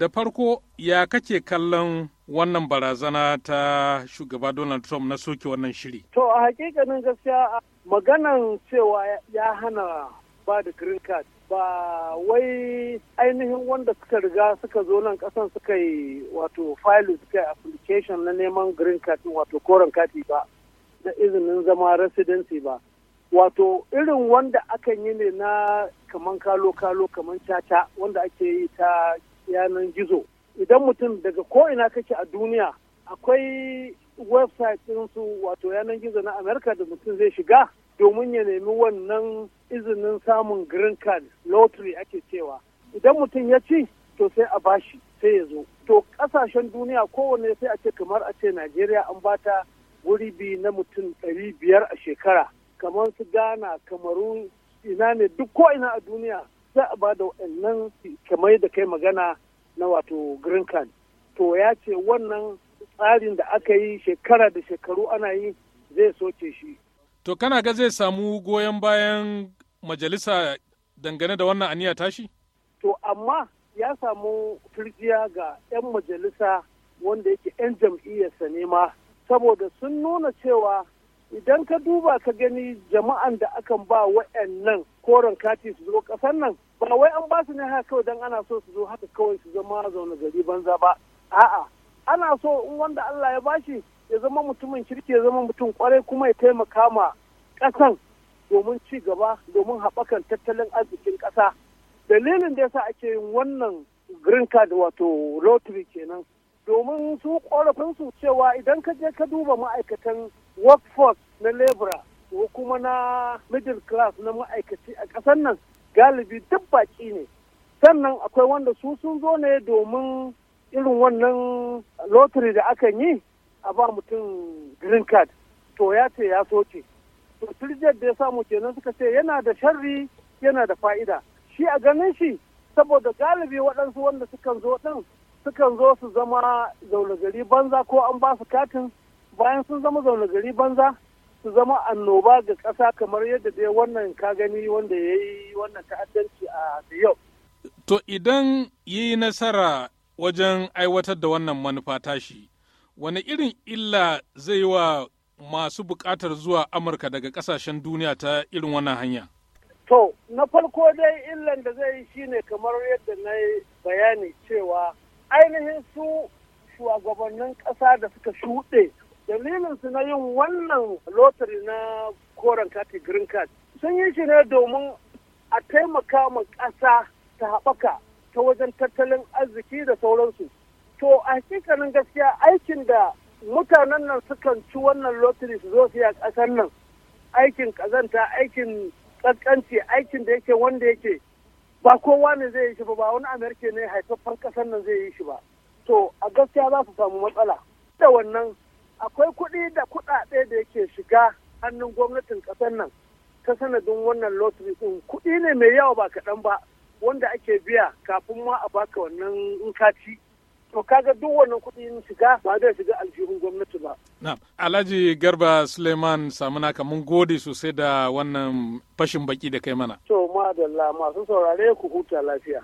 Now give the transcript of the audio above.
da farko ya kake kallon wannan barazana ta shugaba Donald Trump na soke wannan shiri? To a hakikanin gaskiya maganan cewa ya hana ba da green card ba wai ainihin wanda suka riga suka zo nan kasan suka yi wato file suka yi application na neman green card wato koren kati ba na izinin zama residency ba wato irin wanda akan yi ne na kaman kalo-kalo kaman caca wanda ake yi ta yanar gizo idan mutum daga ko'ina kake a duniya akwai website ɗinsu wato yanar gizo na amerika da mutum zai shiga domin ya nemi wannan izinin samun green card lottery ake cewa idan mutum ya ci to sai a bashi sai ya zo to kasashen duniya kowane sai a ce kamar a ce najeriya an bata wuri biyu na mutum ɗari biyar a shekara kamar su ghana kamaru ina ne duk ko ina a duniya za a ba da wannan kamar da kai magana na wato green card to ya ce wannan tsarin da aka yi shekara da shekaru ana yi zai soke shi to kana ga zai samu goyon bayan majalisa dangane da wannan aniya tashi to amma ya samu turjiya ga 'yan majalisa wanda yake 'yan jam'iyyarsa ne ma saboda sun nuna cewa idan ka duba ka gani jama'an da akan ba wa'annan koren kati su zo ƙasar nan ba wai an ba su ne haka kawai don ana so su zo haka kawai su zama zaune gari banza ba a'a ana so in wanda Allah ya bashi ya zama mutumin kirki ya zama mutum kwarai kuma ya taimaka ma ƙasan domin ci gaba domin haɓakan tattalin arzikin ƙasa dalilin da yasa ake yin wannan green card wato lottery kenan domin su ƙorafin su cewa idan ka je ka duba ma'aikatan workforce na labor ko kuma na middle class na ma'aikaci a ƙasar nan galibi duk baki ne sannan akwai wanda su sun zo ne domin irin wannan lottery da akan yi a ba mutum green card to ya ce ya soke to turjiyar da ya samu kenan suka ce yana da sharri yana da fa'ida shi a ganin shi saboda galibi waɗansu wanda sukan zo ɗin sukan zo su zama zaune gari banza ko an ba su katin bayan sun zama zaune gari banza su zama annoba ga ƙasa kamar yadda dai wannan ka gani wanda ya yi wannan ta'addanci a yau. To idan yi nasara wajen aiwatar da wannan manufa tashi, wani irin illa zai wa masu buƙatar zuwa Amurka daga ƙasashen duniya ta irin wannan hanya? To, na farko dai illan da zai yi shine kamar yadda na yi bayani cewa ainihin su shugabannin ƙasa da suka shuɗe dalilin su na yin wannan lotari na koren kati green card sun yi shi ne domin a taimaka ma ƙasa ta haɓaka ta wajen tattalin arziki da sauransu to a hakikanin gaskiya aikin da mutanen nan sukan ci wannan lotari su zo su kasar ƙasar nan aikin ƙazanta aikin ƙasƙanci aikin da yake wanda yake ba kowa ne zai yi shi ba ba wani amerika ne haifaffen ƙasar nan zai yi shi ba to a gaskiya za su samu matsala da wannan akwai kuɗi da kuɗaɗe da yake shiga hannun gwamnatin ƙasar nan ta sanadin wannan lottery ɗin kuɗi ne mai yawa ba kaɗan ba wanda ake biya kafin ma a baka wannan in to kaga duk wannan ne shiga ba zai shiga aljihun gwamnati ba. Na, Alhaji Garba Suleiman Samuna ka mun gode sosai da wannan fashin baki da kai mana. To, madalla masu saurare ku huta lafiya.